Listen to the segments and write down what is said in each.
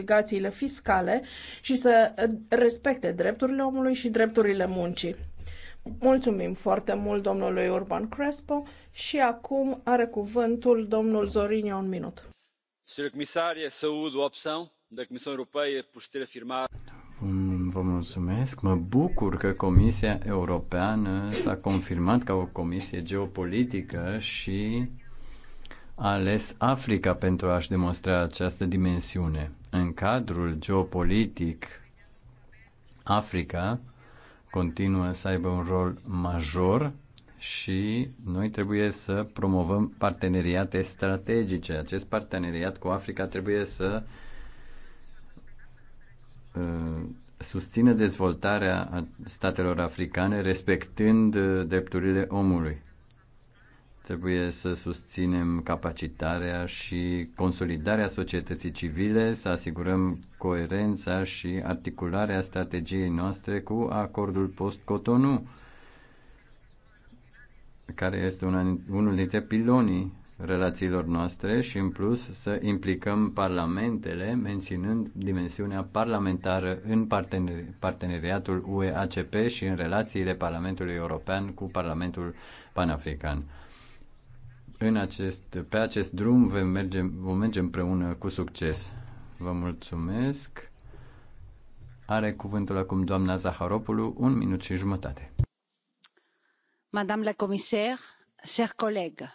obligațiile fiscale și să respecte drepturile omului și drepturile muncii. Mulțumim foarte mult domnului Urban Crespo și acum are cuvântul domnul Zorinio un minut. Senhor Comissário, saúde opțiunea de da Europeană pentru por Vă mulțumesc. Mă bucur că Comisia Europeană s-a confirmat ca o comisie geopolitică și ales Africa pentru a-și demonstra această dimensiune. În cadrul geopolitic, Africa continuă să aibă un rol major și noi trebuie să promovăm parteneriate strategice. Acest parteneriat cu Africa trebuie să uh, susțină dezvoltarea statelor africane respectând uh, drepturile omului. Trebuie să susținem capacitarea și consolidarea societății civile, să asigurăm coerența și articularea strategiei noastre cu acordul post-Cotonou, care este una, unul dintre pilonii relațiilor noastre și, în plus, să implicăm parlamentele, menținând dimensiunea parlamentară în parteneri- parteneriatul UE-ACP și în relațiile Parlamentului European cu Parlamentul Panafrican în acest, pe acest drum vom merge, vom merge împreună cu succes. Vă mulțumesc. Are cuvântul acum doamna Zaharopulu, un minut și jumătate. Madame la comisar, cher collègues.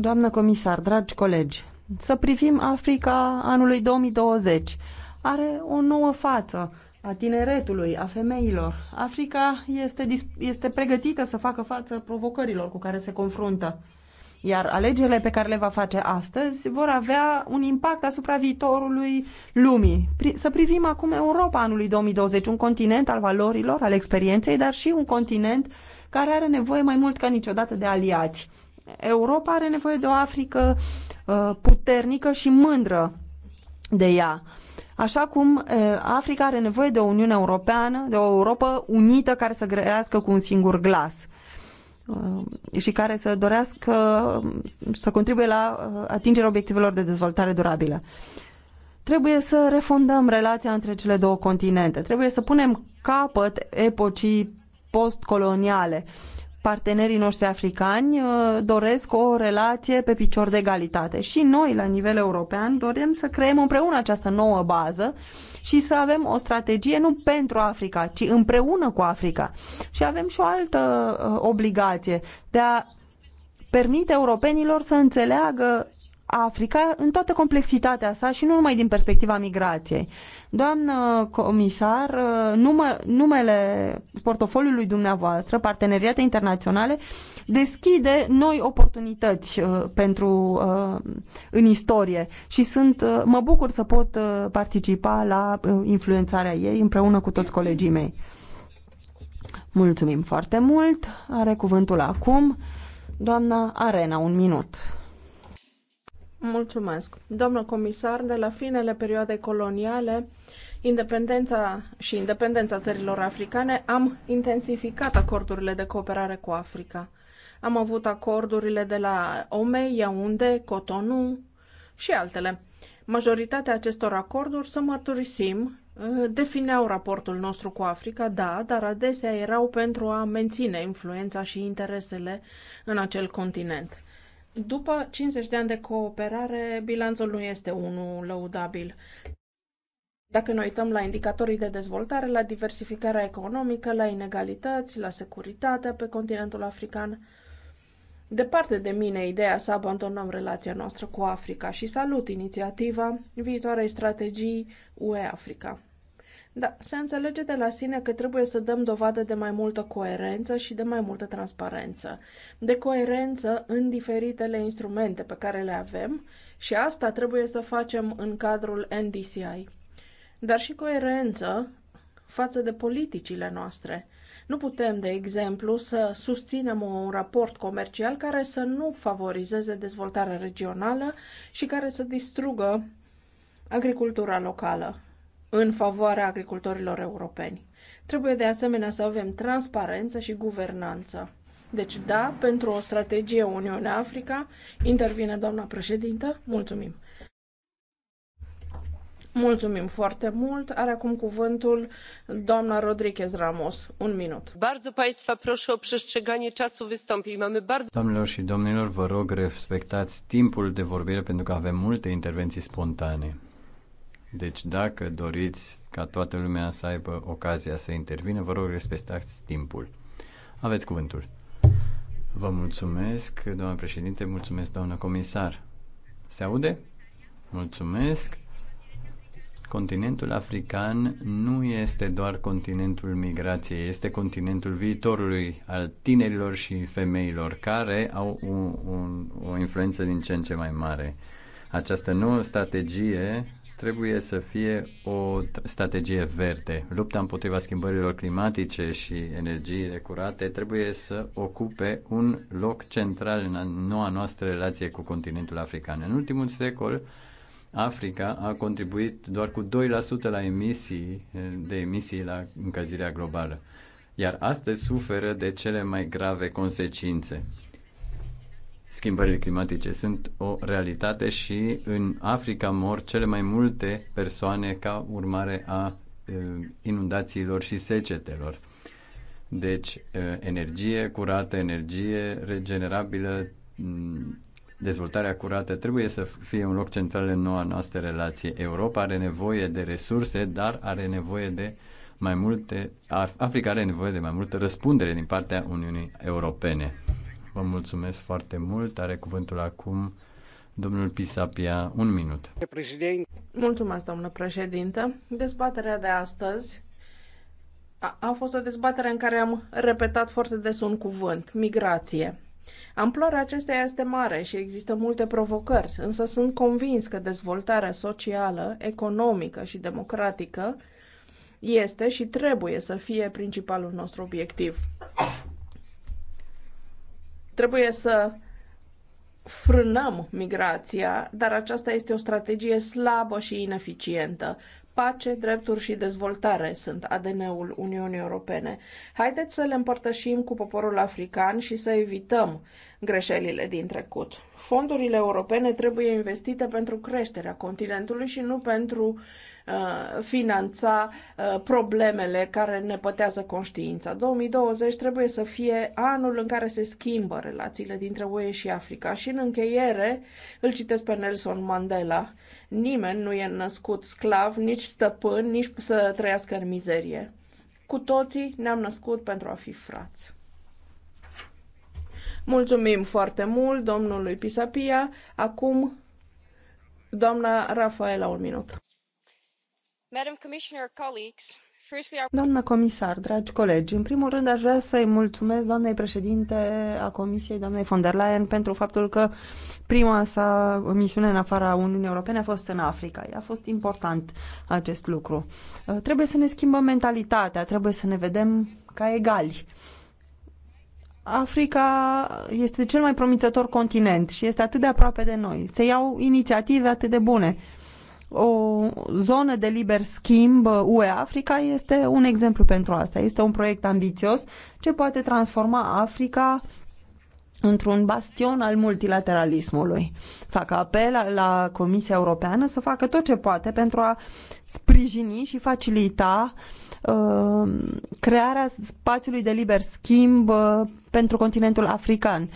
Doamnă comisar, dragi colegi, să privim Africa anului 2020. Are o nouă față a tineretului, a femeilor. Africa este, este pregătită să facă față provocărilor cu care se confruntă iar alegerile pe care le va face astăzi vor avea un impact asupra viitorului lumii. Să privim acum Europa anului 2020, un continent al valorilor, al experienței, dar și un continent care are nevoie mai mult ca niciodată de aliați. Europa are nevoie de o Africă uh, puternică și mândră de ea. Așa cum uh, Africa are nevoie de o Uniune Europeană, de o Europa unită care să grăiască cu un singur glas. Um, și care să dorească um, să contribuie la uh, atingerea obiectivelor de dezvoltare durabilă. Trebuie să refundăm relația între cele două continente. Trebuie să punem capăt epocii postcoloniale. Partenerii noștri africani uh, doresc o relație pe picior de egalitate și noi, la nivel european, dorim să creăm împreună această nouă bază și să avem o strategie nu pentru Africa, ci împreună cu Africa. Și avem și o altă uh, obligație de a permite europenilor să înțeleagă Africa în toată complexitatea sa și nu numai din perspectiva migrației. Doamnă comisar, uh, numă, numele portofoliului dumneavoastră, parteneriate internaționale, deschide noi oportunități uh, pentru uh, în istorie și sunt, uh, mă bucur să pot participa la influențarea ei împreună cu toți colegii mei. Mulțumim foarte mult. Are cuvântul acum doamna Arena, un minut. Mulțumesc. Domnul comisar, de la finele perioadei coloniale, independența și independența țărilor africane, am intensificat acordurile de cooperare cu Africa. Am avut acordurile de la Ome, Iaunde, Cotonou și altele. Majoritatea acestor acorduri, să mărturisim, eh, defineau raportul nostru cu Africa, da, dar adesea erau pentru a menține influența și interesele în acel continent. După 50 de ani de cooperare, bilanțul nu este unul lăudabil. Dacă ne uităm la indicatorii de dezvoltare, la diversificarea economică, la inegalități, la securitatea pe continentul african, Departe de mine ideea să abandonăm relația noastră cu Africa și salut inițiativa viitoarei strategii UE-Africa. Da, se înțelege de la sine că trebuie să dăm dovadă de mai multă coerență și de mai multă transparență. De coerență în diferitele instrumente pe care le avem și asta trebuie să facem în cadrul NDCI. Dar și coerență față de politicile noastre – nu putem, de exemplu, să susținem un raport comercial care să nu favorizeze dezvoltarea regională și care să distrugă agricultura locală în favoarea agricultorilor europeni. Trebuie de asemenea să avem transparență și guvernanță. Deci, da, pentru o strategie Uniunea Africa, intervine doamna președintă, mulțumim. Mulțumim foarte mult. Are acum cuvântul doamna Rodriguez Ramos. Un minut. Bardzo państwa proszę o przestrzeganie czasu wystąpień. Mamy bardzo... Doamnelor și domnilor, vă rog respectați timpul de vorbire pentru că avem multe intervenții spontane. Deci dacă doriți ca toată lumea să aibă ocazia să intervină, vă rog respectați timpul. Aveți cuvântul. Vă mulțumesc, doamnă președinte, mulțumesc, doamnă comisar. Se aude? Mulțumesc. Continentul african nu este doar continentul migrației, este continentul viitorului al tinerilor și femeilor care au un, un, o influență din ce în ce mai mare. Această nouă strategie trebuie să fie o strategie verde. Lupta împotriva schimbărilor climatice și energiile curate trebuie să ocupe un loc central în noua noastră relație cu continentul african. În ultimul secol, Africa a contribuit doar cu 2% la emisii, de emisii la încălzirea globală, iar astăzi suferă de cele mai grave consecințe. Schimbările climatice sunt o realitate și în Africa mor cele mai multe persoane ca urmare a inundațiilor și secetelor. Deci, energie curată, energie regenerabilă, Dezvoltarea curată trebuie să fie un loc central în noua noastră relație. Europa are nevoie de resurse, dar are nevoie de mai multe. Africa are nevoie de mai multă răspundere din partea Uniunii Europene. Vă mulțumesc foarte mult. Are cuvântul acum domnul Pisapia. Un minut. Mulțumesc, domnule președinte. Dezbaterea de astăzi a, a fost o dezbatere în care am repetat foarte des un cuvânt, migrație. Amploarea acesteia este mare și există multe provocări, însă sunt convins că dezvoltarea socială, economică și democratică este și trebuie să fie principalul nostru obiectiv. Trebuie să frânăm migrația, dar aceasta este o strategie slabă și ineficientă. Pace, drepturi și dezvoltare sunt ADN-ul Uniunii Europene. Haideți să le împărtășim cu poporul african și să evităm greșelile din trecut. Fondurile europene trebuie investite pentru creșterea continentului și nu pentru uh, finanța uh, problemele care ne pătează conștiința. 2020 trebuie să fie anul în care se schimbă relațiile dintre UE și Africa. Și în încheiere îl citesc pe Nelson Mandela Nimeni nu e născut sclav, nici stăpân, nici să trăiască în mizerie. Cu toții ne-am născut pentru a fi frați. Mulțumim foarte mult domnului Pisapia. Acum, doamna Rafaela, un minut. Madam Commissioner, colleagues, Doamna comisar, dragi colegi, în primul rând aș vrea să-i mulțumesc doamnei președinte a Comisiei, doamnei von der Leyen, pentru faptul că prima sa misiune în afara Uniunii Europene a fost în Africa. A fost important acest lucru. Uh, trebuie să ne schimbăm mentalitatea, trebuie să ne vedem ca egali. Africa este cel mai promițător continent și este atât de aproape de noi. Se iau inițiative atât de bune o zonă de liber schimb UE-Africa uh, este un exemplu pentru asta. Este un proiect ambițios ce poate transforma Africa într-un bastion al multilateralismului. Fac apel la Comisia Europeană să facă tot ce poate pentru a sprijini și facilita uh, crearea spațiului de liber schimb uh, pentru continentul african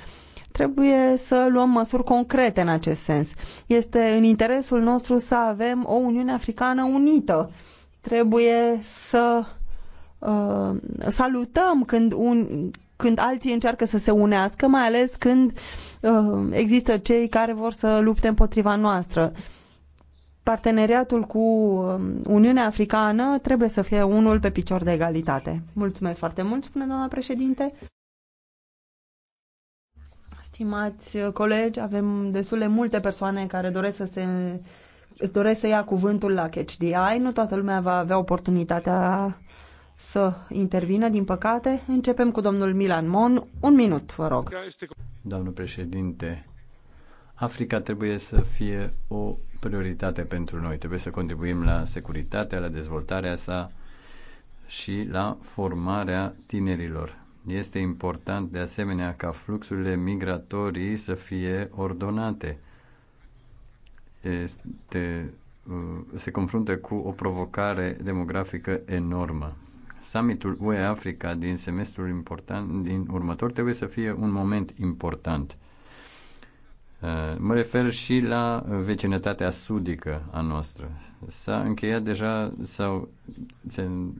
Trebuie să luăm măsuri concrete în acest sens. Este în interesul nostru să avem o Uniune Africană unită. Trebuie să uh, salutăm când, un, când alții încearcă să se unească, mai ales când uh, există cei care vor să lupte împotriva noastră. Parteneriatul cu um, Uniunea Africană trebuie să fie unul pe picior de egalitate. Mulțumesc foarte mult, spune doamna președinte. Stimați colegi, avem destule multe persoane care doresc să se îți doresc să ia cuvântul la Catch the Eye. Nu toată lumea va avea oportunitatea să intervină, din păcate. Începem cu domnul Milan Mon. Un minut, vă rog. Domnul președinte, Africa trebuie să fie o prioritate pentru noi. Trebuie să contribuim la securitatea, la dezvoltarea sa și la formarea tinerilor. Este important de asemenea ca fluxurile migratorii să fie ordonate. Este, uh, se confruntă cu o provocare demografică enormă. Summitul UE Africa din semestrul important din următor trebuie să fie un moment important Uh, mă refer și la vecinătatea sudică a noastră. S-a încheiat deja, sau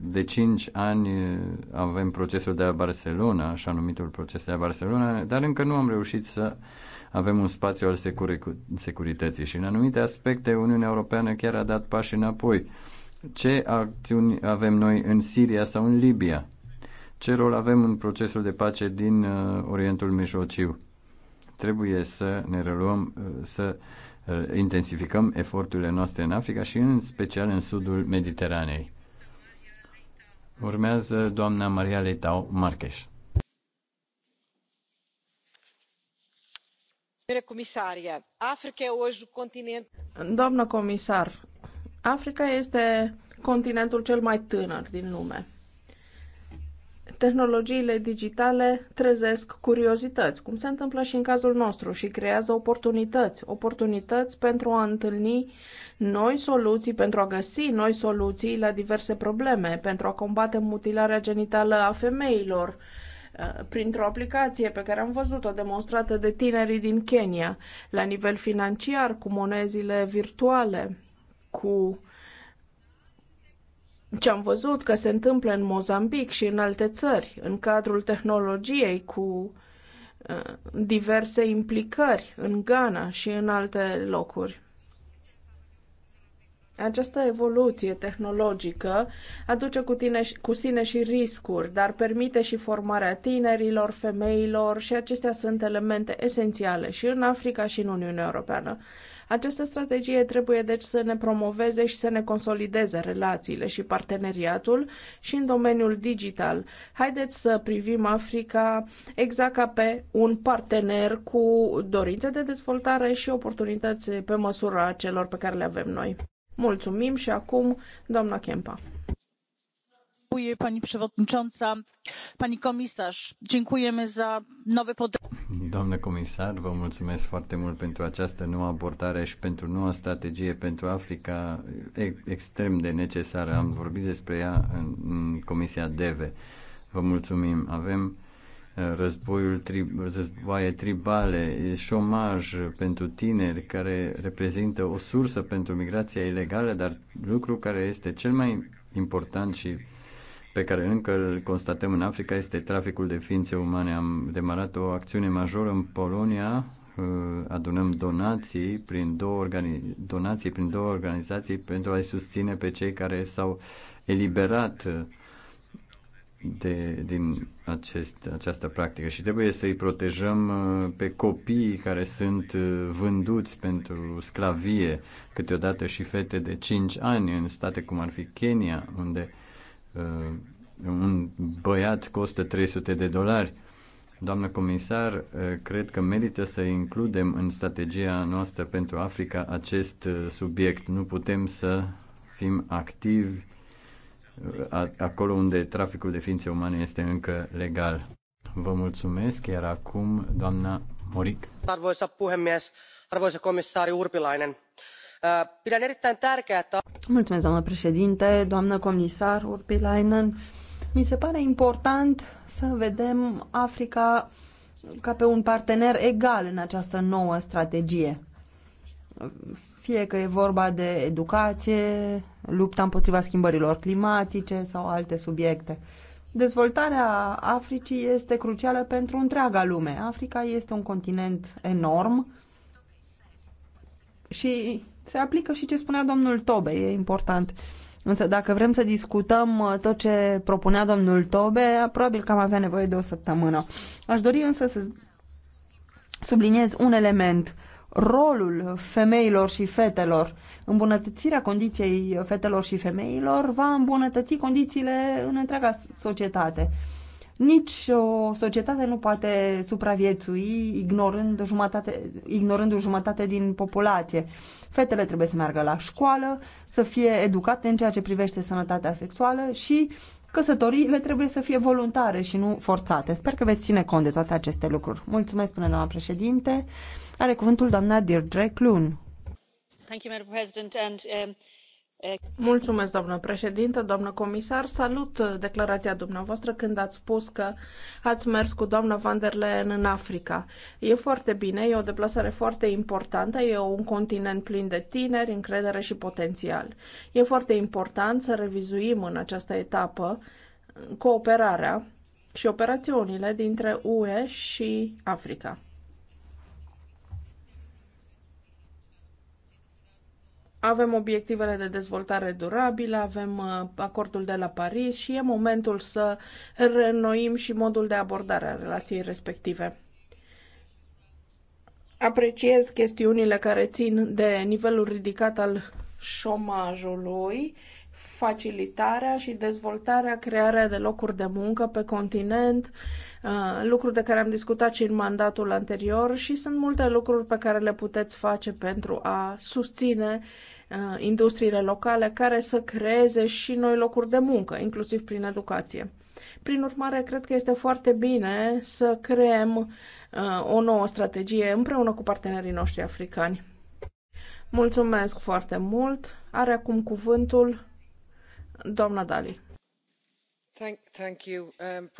de 5 ani uh, avem procesul de la Barcelona, așa numitul proces de la Barcelona, dar încă nu am reușit să avem un spațiu al securi- securității și în anumite aspecte Uniunea Europeană chiar a dat pași înapoi. Ce acțiuni avem noi în Siria sau în Libia? Ce rol avem în procesul de pace din uh, Orientul Mijlociu? trebuie să ne reluăm, uh, să uh, intensificăm eforturile noastre în Africa și în special în sudul Mediteranei. Urmează doamna Maria Leitau Marcheș. Doamnă comisar, Africa este continentul cel mai tânăr din lume tehnologiile digitale trezesc curiozități, cum se întâmplă și în cazul nostru, și creează oportunități, oportunități pentru a întâlni noi soluții, pentru a găsi noi soluții la diverse probleme, pentru a combate mutilarea genitală a femeilor, eh, printr-o aplicație pe care am văzut-o demonstrată de tinerii din Kenya, la nivel financiar, cu monezile virtuale, cu ce am văzut că se întâmplă în Mozambic și în alte țări, în cadrul tehnologiei cu uh, diverse implicări în Ghana și în alte locuri. Această evoluție tehnologică aduce cu, tine, cu sine și riscuri, dar permite și formarea tinerilor, femeilor și acestea sunt elemente esențiale și în Africa și în Uniunea Europeană. Această strategie trebuie deci să ne promoveze și să ne consolideze relațiile și parteneriatul și în domeniul digital. Haideți să privim Africa exact ca pe un partener cu dorințe de dezvoltare și oportunități pe măsura celor pe care le avem noi. Mulțumim și acum doamna Kempa pani przewodnicząca! pani comisar dziękujemy za nowe podejście. doamnă comisar vă mulțumesc foarte mult pentru această nouă abordare și pentru noua strategie pentru Africa extrem de necesară. Am vorbit despre ea în, în Comisia DEVE. Vă mulțumim. Avem uh, războiul tri, războaie tribale, șomaj pentru tineri care reprezintă o sursă pentru migrația ilegală, dar lucru care este cel mai important și pe care încă îl constatăm în Africa este traficul de ființe umane. Am demarat o acțiune majoră în Polonia, uh, adunăm donații prin două, organi- donații prin două organizații pentru a-i susține pe cei care s-au eliberat uh, de, din acest, această practică și trebuie să-i protejăm uh, pe copiii care sunt vânduți pentru sclavie, câteodată și fete de 5 ani în state cum ar fi Kenya, unde uh, Uh, un băiat costă 300 de dolari. Doamnă comisar, uh, cred că merită să includem în strategia noastră pentru Africa acest uh, subiect. Nu putem să fim activi acolo unde traficul de ființe umane este încă legal. Vă mulțumesc, iar acum doamna Moric. Arvoisa puhemies, arvoisa comisari Urpilainen. Uh, Mulțumesc, doamnă președinte, doamnă comisar Urpilainen. Mi se pare important să vedem Africa ca pe un partener egal în această nouă strategie. Fie că e vorba de educație, lupta împotriva schimbărilor climatice sau alte subiecte. Dezvoltarea Africii este crucială pentru întreaga lume. Africa este un continent enorm și se aplică și ce spunea domnul Tobe, e important. Însă dacă vrem să discutăm uh, tot ce propunea domnul Tobe, uh, probabil că am avea nevoie de o săptămână. Aș dori însă să subliniez un element rolul femeilor și fetelor, îmbunătățirea condiției fetelor și femeilor va îmbunătăți condițiile în întreaga societate. Nici o societate nu poate supraviețui ignorând jumătate, ignorând o jumătate din populație. Fetele trebuie să meargă la școală, să fie educate în ceea ce privește sănătatea sexuală și căsătoriile trebuie să fie voluntare și nu forțate. Sper că veți ține cont de toate aceste lucruri. Mulțumesc, până doamna președinte. Are cuvântul doamna Deirdre Clun. Thank you, Madam President. And, um... Mulțumesc, doamnă președintă, doamnă comisar. Salut declarația dumneavoastră când ați spus că ați mers cu doamna van der Leyen în Africa. E foarte bine, e o deplasare foarte importantă, e un continent plin de tineri, încredere și potențial. E foarte important să revizuim în această etapă cooperarea și operațiunile dintre UE și Africa. Avem obiectivele de dezvoltare durabilă, avem uh, acordul de la Paris și e momentul să reînnoim și modul de abordare a relației respective. Apreciez chestiunile care țin de nivelul ridicat al șomajului, facilitarea și dezvoltarea, crearea de locuri de muncă pe continent, uh, lucruri de care am discutat și în mandatul anterior și sunt multe lucruri pe care le puteți face pentru a susține Uh, industriile locale care să creeze și noi locuri de muncă, inclusiv prin educație. Prin urmare, cred că este foarte bine să creăm uh, o nouă strategie împreună cu partenerii noștri africani. Mulțumesc foarte mult. Are acum cuvântul doamna Dali. Um,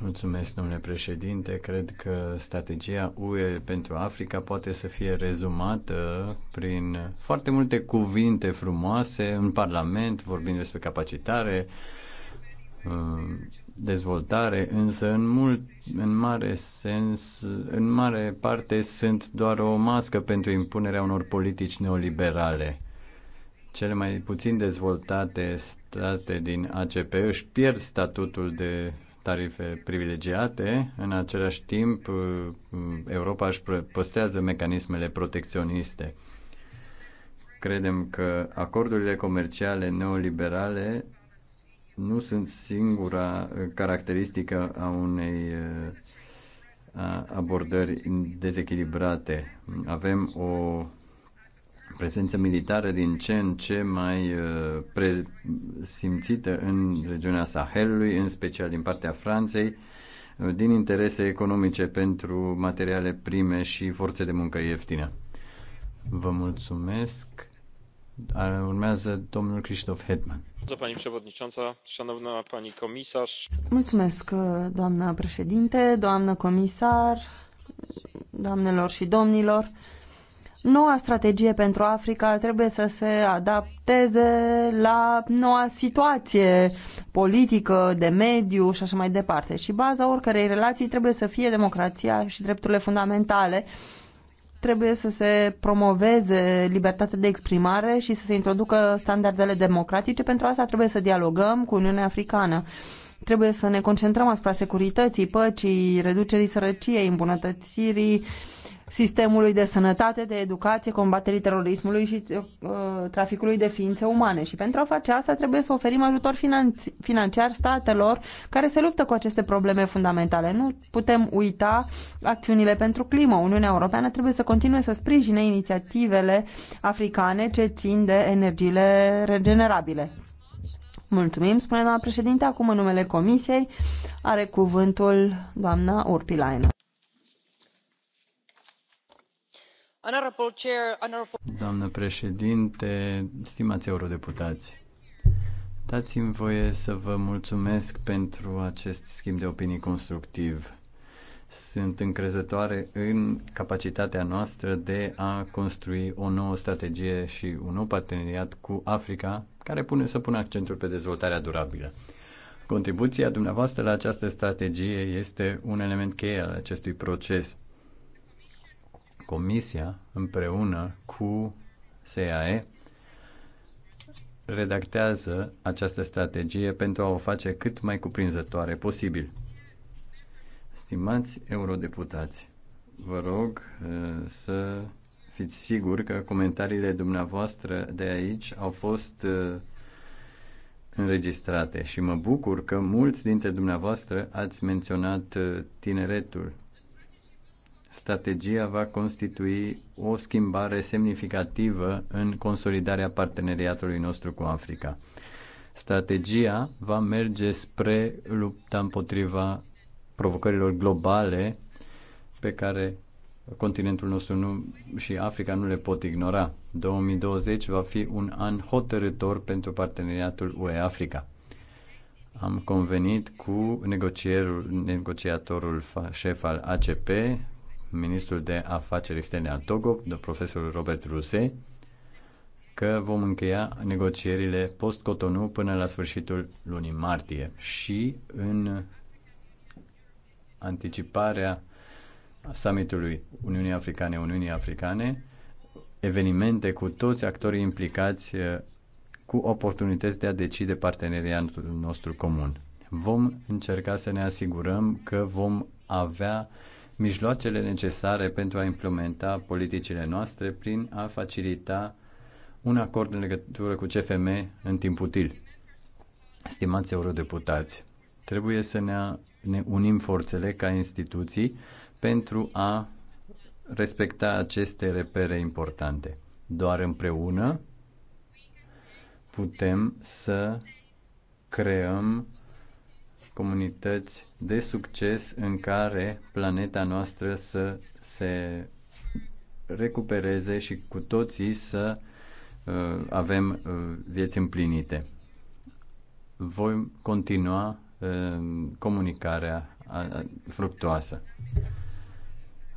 Mulțumesc, domnule președinte. Cred că strategia UE pentru Africa poate să fie rezumată prin foarte multe cuvinte frumoase în Parlament, vorbind despre capacitare, um, dezvoltare, însă în, mult, în mare sens, în mare parte sunt doar o mască pentru impunerea unor politici neoliberale. Cele mai puțin dezvoltate state din ACP își pierd statutul de tarife privilegiate, în același timp uh, Europa își păstrează mecanismele protecționiste. Credem că acordurile comerciale neoliberale nu sunt singura uh, caracteristică a unei uh, abordări dezechilibrate. Avem o prezență militară din ce în ce mai uh, pre- simțită în regiunea Sahelului, în special din partea Franței, uh, din interese economice pentru materiale prime și forțe de muncă ieftine. Vă mulțumesc. Urmează domnul Christoph Hedman. Pani przewodnicząca, szanowna pani komisarz. Mulțumesc, uh, doamna președinte, doamnă comisar, doamnelor și domnilor. Noua strategie pentru Africa trebuie să se adapteze la noua situație politică, de mediu și așa mai departe. Și baza oricărei relații trebuie să fie democrația și drepturile fundamentale. Trebuie să se promoveze libertatea de exprimare și să se introducă standardele democratice. Pentru asta trebuie să dialogăm cu Uniunea Africană trebuie să ne concentrăm asupra securității, păcii, reducerii sărăciei, îmbunătățirii sistemului de sănătate, de educație, combaterii terorismului și uh, traficului de ființe umane. Și pentru a face asta trebuie să oferim ajutor financiar statelor care se luptă cu aceste probleme fundamentale. Nu putem uita acțiunile pentru climă. Uniunea Europeană trebuie să continue să sprijine inițiativele africane ce țin de energiile regenerabile. Mulțumim, spune doamna președinte. Acum, în numele Comisiei, are cuvântul doamna Urpilainen. Doamnă președinte, stimați eurodeputați, dați-mi voie să vă mulțumesc pentru acest schimb de opinii constructiv. Sunt încrezătoare în capacitatea noastră de a construi o nouă strategie și un nou parteneriat cu Africa care pune, să pună accentul pe dezvoltarea durabilă. Contribuția dumneavoastră la această strategie este un element cheie al acestui proces – Comisia, împreună cu SAE, redactează această strategie pentru a o face cât mai cuprinzătoare posibil. Stimați eurodeputați, vă rog uh, să fiți siguri că comentariile dumneavoastră de aici au fost uh, înregistrate și mă bucur că mulți dintre dumneavoastră ați menționat uh, tineretul strategia va constitui o schimbare semnificativă în consolidarea parteneriatului nostru cu Africa. Strategia va merge spre lupta împotriva provocărilor globale pe care continentul nostru nu, și Africa nu le pot ignora. 2020 va fi un an hotărător pentru parteneriatul UE-Africa. Am convenit cu negocierul, negociatorul șef al ACP, ministrul de afaceri externe al Togo, profesorul Robert Ruse, că vom încheia negocierile post-Cotonou până la sfârșitul lunii martie și în anticiparea summitului Uniunii Africane Uniunii Africane evenimente cu toți actorii implicați eh, cu oportunități de a decide parteneriatul nostru comun. Vom încerca să ne asigurăm că vom avea mijloacele necesare pentru a implementa politicile noastre prin a facilita un acord în legătură cu CFM în timp util. Stimați eurodeputați, trebuie să ne, ne unim forțele ca instituții pentru a respecta aceste repere importante. Doar împreună putem să creăm comunități de succes în care planeta noastră să se recupereze și cu toții să uh, avem uh, vieți împlinite. Voi continua uh, comunicarea a, uh, a, fructuoasă.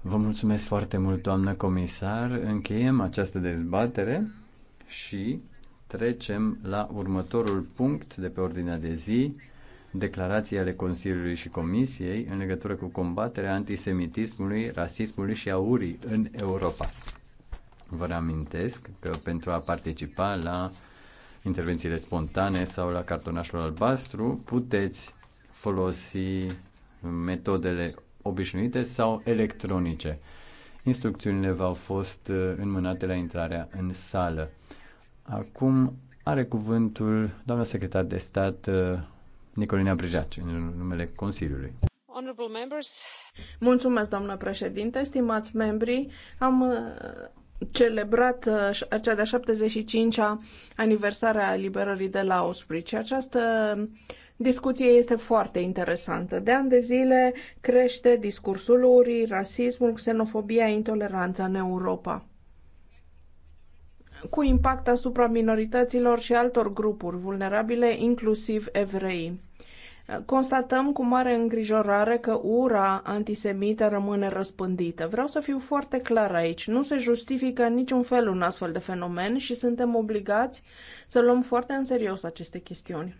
Vă mulțumesc foarte mult, doamnă comisar. Încheiem această dezbatere și trecem la următorul punct de pe ordinea de zi declarații ale Consiliului și Comisiei în legătură cu combaterea antisemitismului, rasismului și aurii în Europa. Vă reamintesc că pentru a participa la intervențiile spontane sau la cartonașul albastru, puteți folosi metodele obișnuite sau electronice. Instrucțiunile v-au fost uh, înmânate la intrarea în sală. Acum are cuvântul doamna secretar de stat uh, Nicolina Brijaci, în numele Consiliului. Mulțumesc, doamnă președinte, stimați membri. Am uh, celebrat uh, cea de-a 75-a aniversare a liberării de la Auschwitz. Această discuție este foarte interesantă. De ani de zile crește discursul urii, rasismul, xenofobia, intoleranța în Europa cu impact asupra minorităților și altor grupuri vulnerabile, inclusiv evrei. Constatăm cu mare îngrijorare că ura antisemită rămâne răspândită. Vreau să fiu foarte clar aici. Nu se justifică în niciun fel un astfel de fenomen și suntem obligați să luăm foarte în serios aceste chestiuni.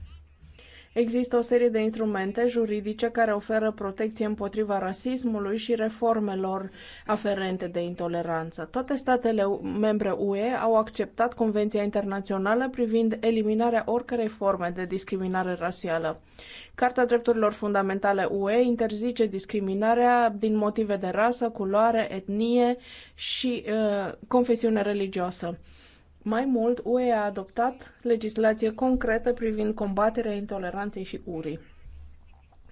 Există o serie de instrumente juridice care oferă protecție împotriva rasismului și reformelor aferente de intoleranță. Toate statele membre UE au acceptat Convenția Internațională privind eliminarea oricărei forme de discriminare rasială. Carta Drepturilor Fundamentale UE interzice discriminarea din motive de rasă, culoare, etnie și uh, confesiune religioasă. Mai mult, UE a adoptat legislație concretă privind combaterea intoleranței și urii.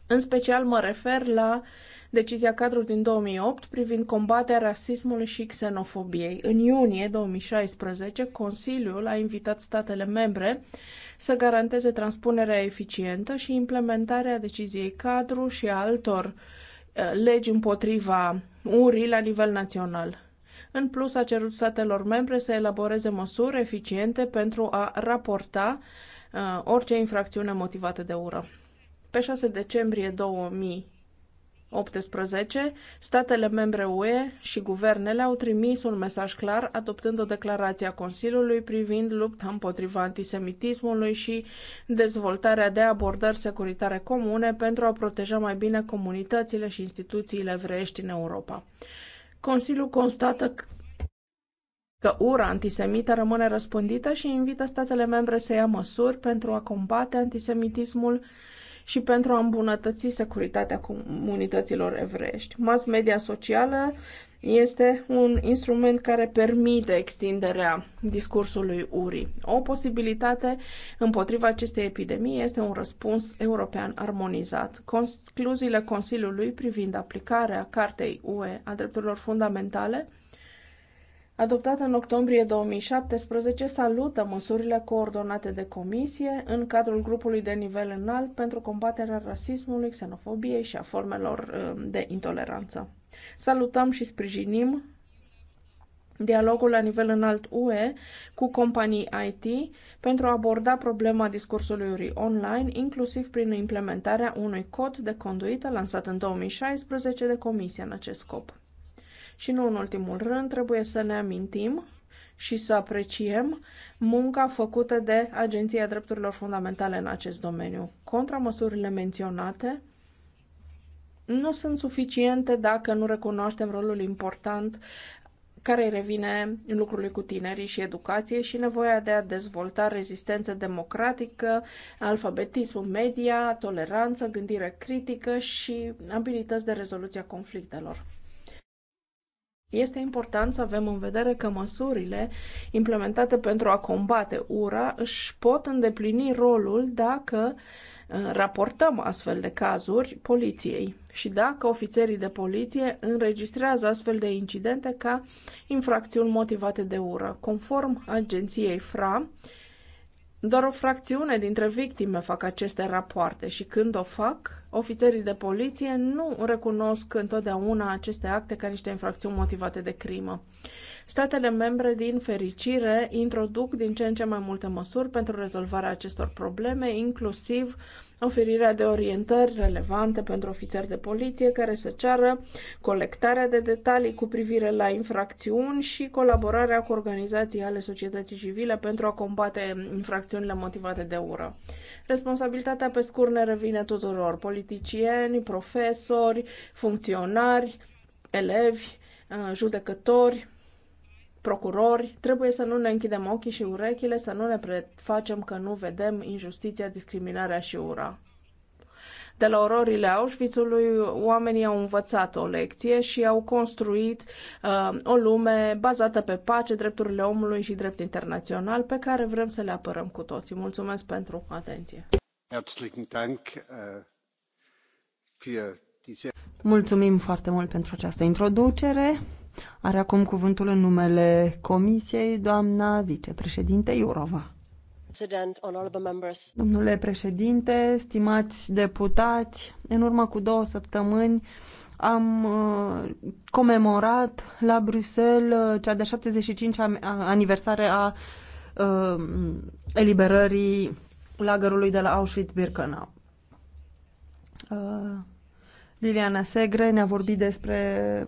În special mă refer la decizia cadru din 2008 privind combaterea rasismului și xenofobiei. În iunie 2016, Consiliul a invitat statele membre să garanteze transpunerea eficientă și implementarea deciziei cadru și a altor eh, legi împotriva urii la nivel național. În plus, a cerut statelor membre să elaboreze măsuri eficiente pentru a raporta uh, orice infracțiune motivată de ură. Pe 6 decembrie 2000 18, statele membre UE și guvernele au trimis un mesaj clar adoptând o declarație a Consiliului privind lupta împotriva antisemitismului și dezvoltarea de abordări securitare comune pentru a proteja mai bine comunitățile și instituțiile evreiești în Europa. Consiliul constată că ura antisemită rămâne răspândită și invită statele membre să ia măsuri pentru a combate antisemitismul și pentru a îmbunătăți securitatea comunităților evrești. Mass media socială este un instrument care permite extinderea discursului URI. O posibilitate împotriva acestei epidemii este un răspuns european armonizat. Concluziile Consiliului privind aplicarea Cartei UE a drepturilor fundamentale Adoptată în octombrie 2017, salută măsurile coordonate de comisie în cadrul grupului de nivel înalt pentru combaterea rasismului, xenofobiei și a formelor uh, de intoleranță. Salutăm și sprijinim dialogul la nivel înalt UE cu companii IT pentru a aborda problema discursului online, inclusiv prin implementarea unui cod de conduită lansat în 2016 de Comisie în acest scop. Și nu în ultimul rând, trebuie să ne amintim și să apreciem munca făcută de Agenția Drepturilor Fundamentale în acest domeniu. Contramăsurile menționate nu sunt suficiente dacă nu recunoaștem rolul important care revine în lucrurile cu tinerii și educație și nevoia de a dezvolta rezistență democratică, alfabetism, media, toleranță, gândire critică și abilități de rezoluție a conflictelor. Este important să avem în vedere că măsurile implementate pentru a combate ura își pot îndeplini rolul dacă uh, raportăm astfel de cazuri poliției și dacă ofițerii de poliție înregistrează astfel de incidente ca infracțiuni motivate de ură. Conform agenției FRA, doar o fracțiune dintre victime fac aceste rapoarte și când o fac, ofițerii de poliție nu recunosc întotdeauna aceste acte ca niște infracțiuni motivate de crimă. Statele membre, din fericire, introduc din ce în ce mai multe măsuri pentru rezolvarea acestor probleme, inclusiv oferirea de orientări relevante pentru ofițeri de poliție care să ceară colectarea de detalii cu privire la infracțiuni și colaborarea cu organizații ale societății civile pentru a combate infracțiunile motivate de ură. Responsabilitatea pe scurt ne revine tuturor, politicieni, profesori, funcționari, elevi, uh, judecători, procurori, trebuie să nu ne închidem ochii și urechile, să nu ne prefacem că nu vedem injustiția, discriminarea și ura. De la ororile Auschwitzului, oamenii au învățat o lecție și au construit uh, o lume bazată pe pace, drepturile omului și drept internațional, pe care vrem să le apărăm cu toții. Mulțumesc pentru atenție! Uh, Mulțumim foarte mult pentru această introducere. Are acum cuvântul în numele Comisiei doamna vicepreședinte Iurova. Domnule președinte, stimați deputați, în urmă cu două săptămâni am uh, comemorat la Bruxelles uh, cea de 75-a aniversare a uh, eliberării lagărului de la Auschwitz-Birkenau Liliana Segre ne-a vorbit despre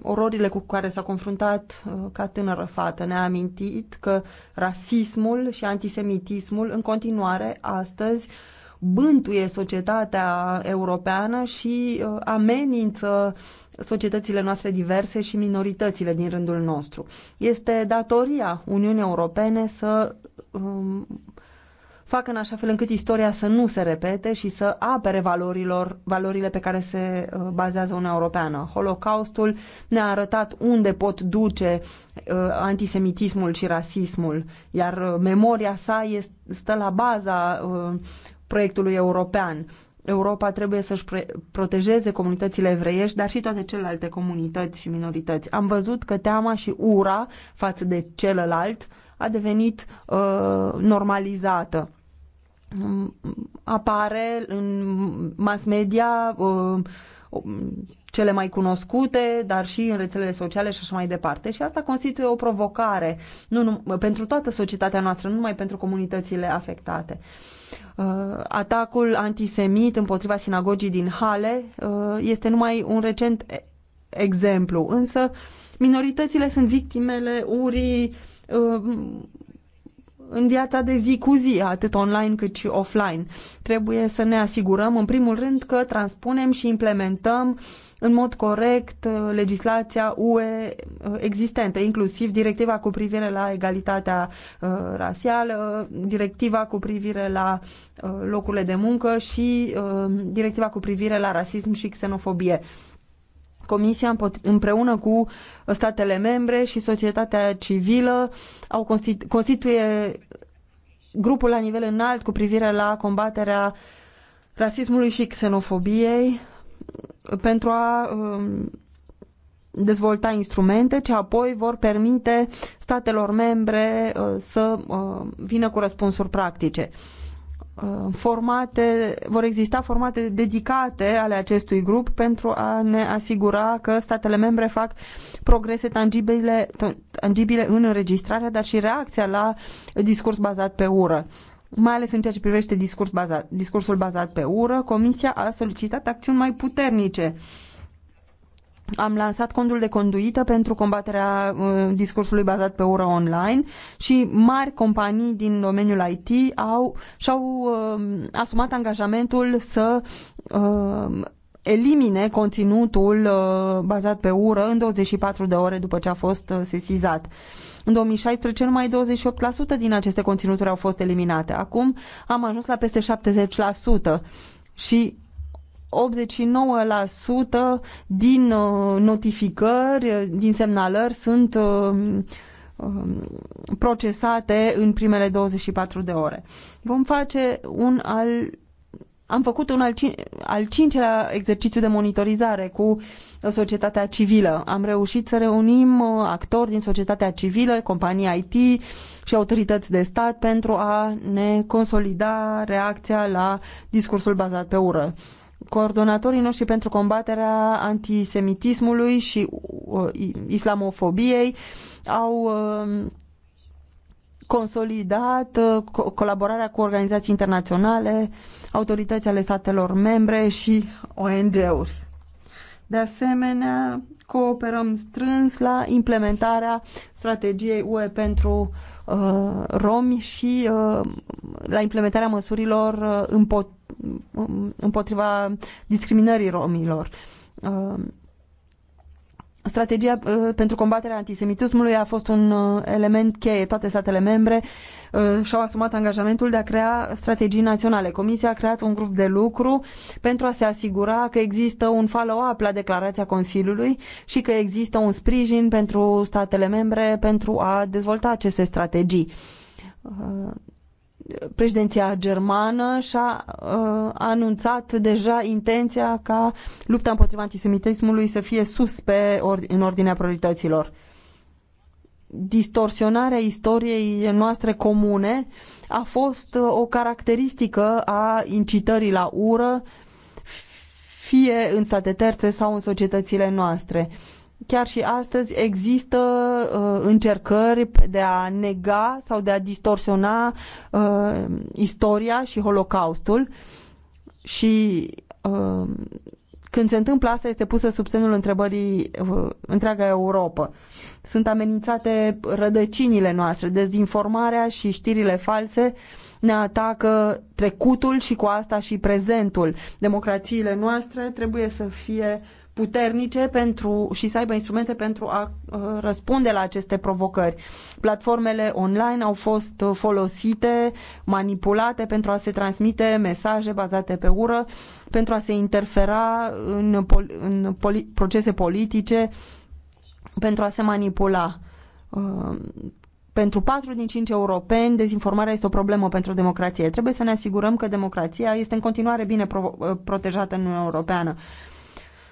ororile cu care s-a confruntat uh, ca tânără fată. Ne-a amintit că rasismul și antisemitismul în continuare astăzi bântuie societatea europeană și uh, amenință societățile noastre diverse și minoritățile din rândul nostru. Este datoria Uniunii Europene să um, fac în așa fel încât istoria să nu se repete și să apere valorilor, valorile pe care se uh, bazează Uniunea Europeană. Holocaustul ne-a arătat unde pot duce uh, antisemitismul și rasismul, iar uh, memoria sa este, stă la baza proiectului european. Europa trebuie să-și protejeze comunitățile evreiești, dar și toate celelalte comunități și minorități. Am văzut că teama și ura față de celălalt a devenit uh, normalizată apare în mass media uh, um, cele mai cunoscute, dar și în rețelele sociale și așa mai departe. Și asta constituie o provocare nu, nu, pentru toată societatea noastră, nu numai pentru comunitățile afectate. Uh, atacul antisemit împotriva sinagogii din Hale uh, este numai un recent exemplu, însă minoritățile sunt victimele urii în viața de zi cu zi, atât online cât și offline. Trebuie să ne asigurăm, în primul rând, că transpunem și implementăm în mod corect uh, legislația UE uh, existentă, inclusiv directiva cu privire la egalitatea uh, rasială, directiva cu privire la locurile de muncă și directiva cu privire la rasism și xenofobie. Comisia împreună cu statele membre și societatea civilă au constitu- constituie grupul la nivel înalt cu privire la combaterea rasismului și xenofobiei pentru a um, dezvolta instrumente ce apoi vor permite statelor membre uh, să uh, vină cu răspunsuri practice. Uh, formate, vor exista formate dedicate ale acestui grup pentru a ne asigura că statele membre fac progrese tangibile, tangibile în înregistrarea, dar și reacția la discurs bazat pe ură. Mai ales în ceea ce privește discurs bazat, discursul bazat pe ură, Comisia a solicitat acțiuni mai puternice uh, am lansat contul de conduită pentru combaterea uh, discursului bazat pe ură online și mari companii din domeniul IT au, și-au uh, asumat angajamentul să uh, elimine conținutul uh, bazat pe ură în 24 de ore după ce a fost uh, sesizat. În 2016, numai 28% din aceste conținuturi au fost eliminate. Acum am ajuns la peste 70% și 89% din uh, notificări, uh, din semnalări sunt uh, um, procesate în primele 24 de ore. Vom face un al am făcut un al, cin- al cincelea exercițiu de monitorizare cu societatea civilă. Am reușit să reunim actori din societatea civilă, companii IT și autorități de stat pentru a ne consolida reacția la discursul bazat pe ură coordonatorii noștri pentru combaterea antisemitismului și uh, islamofobiei au uh, consolidat uh, colaborarea cu organizații internaționale, autorități ale statelor membre și ONG-uri. De asemenea, cooperăm strâns la implementarea strategiei UE pentru uh, romi și uh, la implementarea măsurilor uh, um, împotriva discriminării romilor. strategia pentru combaterea antisemitismului a fost un element cheie. Toate statele membre Uh, și-au asumat angajamentul de a crea strategii naționale. Comisia a creat un grup de lucru pentru a se asigura că există un follow-up la declarația Consiliului și că există un sprijin pentru statele membre pentru a dezvolta aceste strategii uh, președinția germană și-a uh, anunțat deja intenția ca lupta împotriva antisemitismului să fie sus pe ordi, în ordinea priorităților distorsionarea istoriei noastre comune a fost uh, o caracteristică a incitării la ură, fie în state terțe sau în societățile noastre. Chiar și astăzi există uh, încercări de a nega sau de a distorsiona uh, istoria și Holocaustul și uh, când se întâmplă asta, este pusă sub semnul întrebării uh, întreaga Europa. Sunt amenințate rădăcinile noastre, dezinformarea și știrile false ne atacă trecutul și cu asta și prezentul. Democrațiile noastre trebuie să fie uh, puternice pentru, și să aibă instrumente pentru a uh, răspunde la aceste provocări. Platformele online au fost uh, folosite, manipulate pentru a se transmite mesaje bazate pe ură, pentru a se interfera în, pol- în poli- procese politice, pentru a se manipula. Uh, pentru 4 din 5 europeni, dezinformarea este o problemă pentru democrație. Trebuie să ne asigurăm că democrația este în continuare bine pro- protejată în Uniunea Europeană.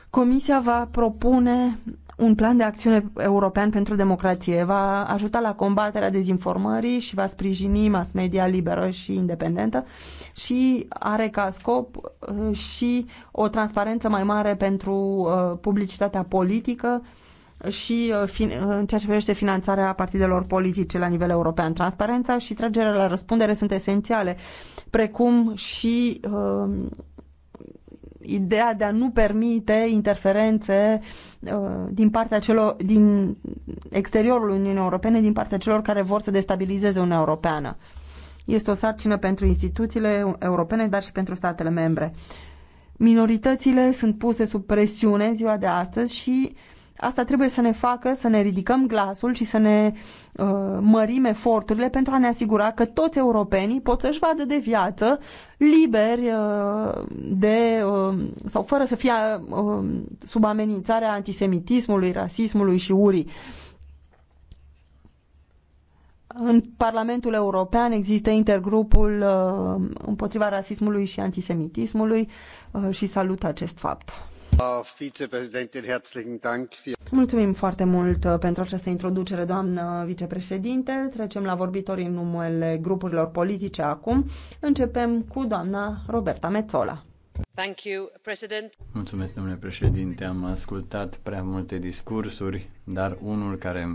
Comisia va propune un plan de acțiune european pentru democrație. Va ajuta la combaterea dezinformării și va sprijini mass media liberă și independentă și are ca scop uh, și o transparență mai mare pentru uh, publicitatea politică și uh, în ceea ce privește finanțarea partidelor politice la nivel european. Transparența și tragerea la răspundere sunt esențiale, precum și ideea de a nu permite interferențe uh, din partea celor din exteriorul Uniunii Europene, din partea celor care vor să destabilizeze Uniunea Europeană. Este o sarcină pentru instituțiile europene, dar și pentru statele membre. Minoritățile sunt puse sub presiune ziua de astăzi și uh, Asta trebuie să ne facă să ne ridicăm glasul și să ne uh, mărim eforturile pentru a ne asigura că toți europenii pot să-și vadă de viață liberi uh, de, uh, sau fără să fie uh, sub amenințarea antisemitismului, rasismului și urii. În Parlamentul European există intergrupul uh, împotriva rasismului și antisemitismului uh, și salut acest fapt. Mulțumim foarte mult uh, pentru această introducere, doamnă vicepreședinte. Trecem la vorbitorii în numele grupurilor politice acum. Începem cu doamna Roberta Mezzola. Thank you, President. Mulțumesc, domnule președinte. Am ascultat prea multe discursuri, dar unul care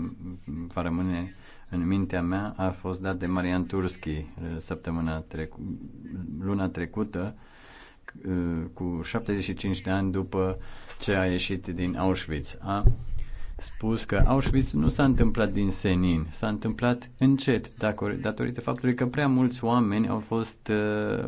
va rămâne în mintea mea a fost dat de Marian Turski uh, săptămâna trecu- luna trecută Eh, cu 75 de ani după ce a ieșit din Auschwitz. A spus că Auschwitz nu s-a întâmplat din senin, s-a întâmplat încet, datorită faptului că prea mulți oameni au fost uh,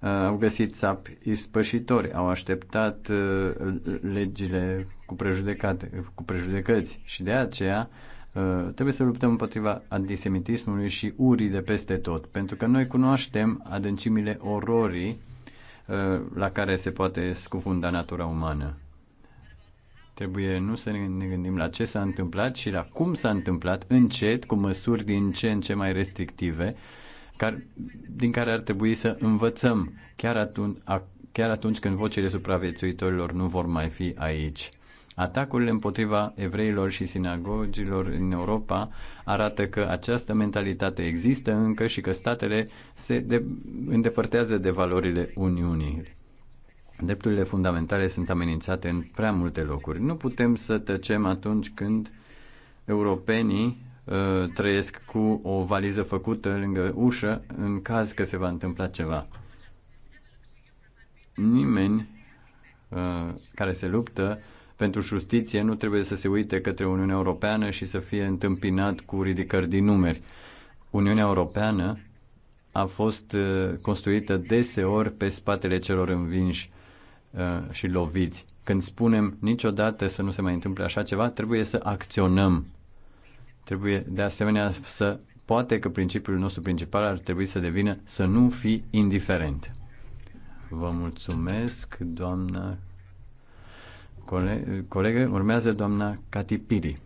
au găsit sapi ispășitori, au așteptat uh, legile cu, prejudecate, cu prejudecăți și de aceea uh, Uh, trebuie să luptăm împotriva antisemitismului și urii de peste tot, pentru că noi cunoaștem adâncimile ororii uh, la care se poate scufunda natura umană. Trebuie nu să ne gândim la ce s-a întâmplat, ci la cum s-a întâmplat, încet, cu măsuri din ce în ce mai restrictive, care, din care ar trebui să învățăm chiar atunci, chiar atunci când vocile supraviețuitorilor nu vor mai fi aici. Atacurile împotriva evreilor și sinagogilor în Europa arată că această mentalitate există încă și că statele se de- îndepărtează de valorile Uniunii. Drepturile fundamentale sunt amenințate în prea multe locuri. Nu putem să tăcem atunci când europenii uh, trăiesc cu o valiză făcută lângă ușă în caz că se va întâmpla ceva. Nimeni uh, care se luptă uh, pentru justiție nu trebuie să se uite către Uniunea Europeană și să fie întâmpinat cu ridicări din numeri. Uniunea Europeană a fost uh, construită deseori pe spatele celor învinși uh, și loviți. Când spunem niciodată să nu se mai întâmple așa ceva, trebuie să acționăm. Trebuie de asemenea să poate că principiul nostru principal ar trebui să devină să nu fi indiferent. Vă mulțumesc, doamnă colegă, urmează doamna Catipiri.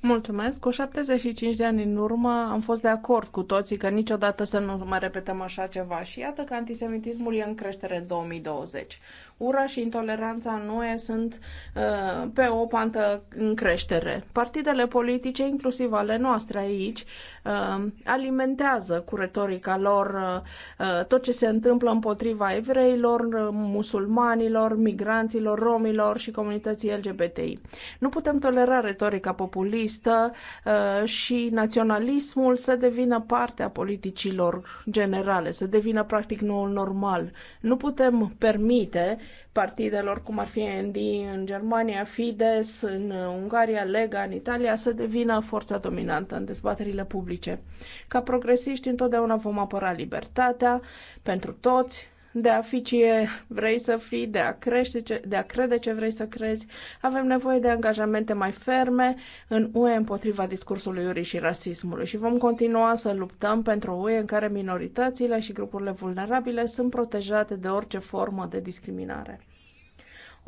Mulțumesc. Cu 75 de ani în urmă am fost de acord cu toții că niciodată să nu mai repetăm așa ceva și iată că antisemitismul e în creștere în 2020. Ura și intoleranța în UE sunt uh, pe o pantă în creștere. Partidele politice, inclusiv ale noastre aici, uh, alimentează cu retorica lor uh, uh tot ce se întâmplă împotriva evreilor, uh, musulmanilor, migranților, romilor și comunității LGBTI. Nu putem tolera retorica populistă uh, și naționalismul să devină parte a politicilor generale, să devină practic noul normal. Nu putem permite partidelor, cum ar fi ND în Germania, Fides în Ungaria, Lega în Italia, să devină forța dominantă în dezbaterile publice. Ca progresiști întotdeauna vom apăra libertatea pentru toți, de a fi ce vrei să fii, de a, crește ce, de a crede ce vrei să crezi. Avem nevoie de angajamente mai ferme în UE împotriva discursului urii și rasismului și vom continua să luptăm pentru o UE în care minoritățile și grupurile vulnerabile sunt protejate de orice formă de discriminare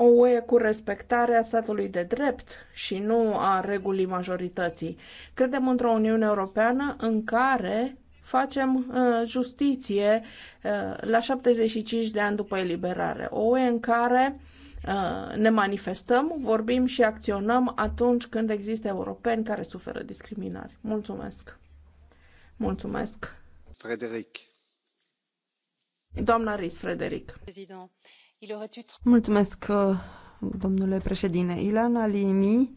o UE cu respectarea statului de drept și nu a regulii majorității. Credem într-o Uniune Europeană în care facem uh, justiție uh, la 75 de ani după eliberare. O UE în care uh, ne manifestăm, vorbim și acționăm atunci când există europeni care suferă discriminare. Mulțumesc! Mulțumesc! Frederic. Doamna Ris, Frederic. Mulțumesc, uh, domnule președinte. Ilana Limi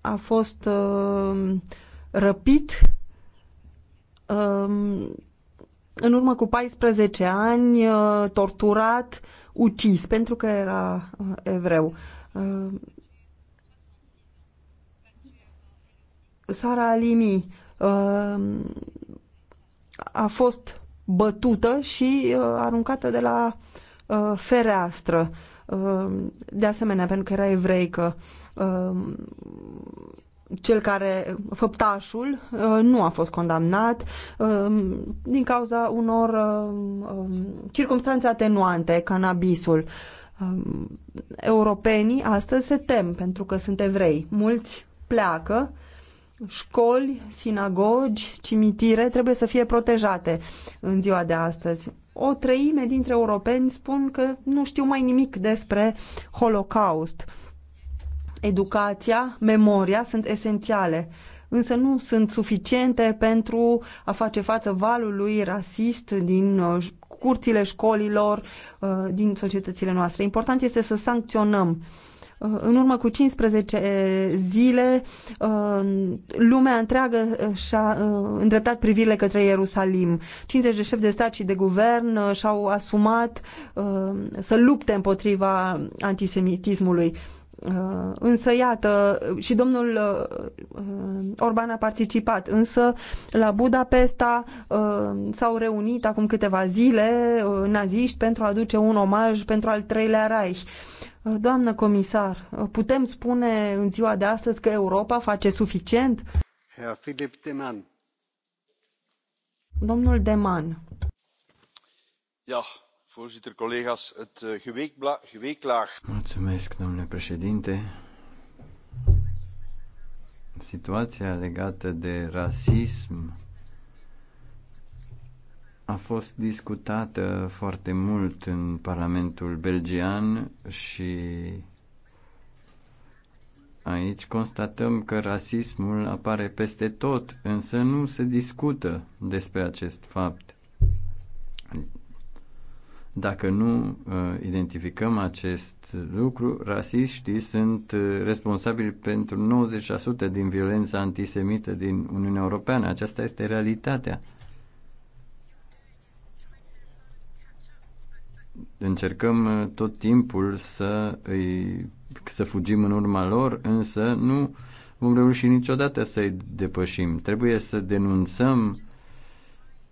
a fost uh, răpit Um, în urmă cu 14 ani uh, torturat, ucis pentru că era uh, evreu. Uh, Sara Alimi um, a fost bătută și aruncată de la fereastră. Um, de asemenea, pentru că era evreică cel care, făptașul, uh, nu a fost condamnat um, din cauza unor um, um, circumstanțe atenuante, cannabisul Europenii astăzi se tem pentru că sunt evrei. Mulți pleacă, școli, sinagogi, cimitire trebuie să fie protejate în ziua de astăzi. O treime dintre europeni spun că nu știu mai nimic despre Holocaust educația, memoria sunt esențiale, însă nu sunt suficiente pentru a face față valului rasist din uh, curțile școlilor, uh, din societățile noastre. Important este să sancționăm uh, în urmă cu 15 eh, zile, lumea întreagă și-a îndreptat privirile către Ierusalim. 50 de șefi de stat și de guvern și-au asumat să lupte împotriva antisemitismului. Uh, însă, iată, și domnul uh, uh, Orban a participat, însă la Budapesta s-au reunit acum câteva zile naziști pentru a aduce un omaj pentru al treilea Reich. Doamnă comisar, putem spune în ziua de astăzi că Europa face suficient? Herr Deman. Domnul Deman. Ja, Voorzitter, collega's, het eh, geweeklaag. domnule președinte. Situația legată de rasism a fost discutată foarte mult în Parlamentul belgian și aici constatăm că rasismul apare peste tot, însă nu se discută despre acest fapt. Dacă nu uh, identificăm acest lucru, rasiștii sunt uh, responsabili pentru 90% din violența antisemită din Uniunea Europeană. Aceasta este realitatea. Încercăm uh, tot timpul să, îi, să fugim în urma lor, însă nu vom reuși niciodată să-i depășim. Trebuie să denunțăm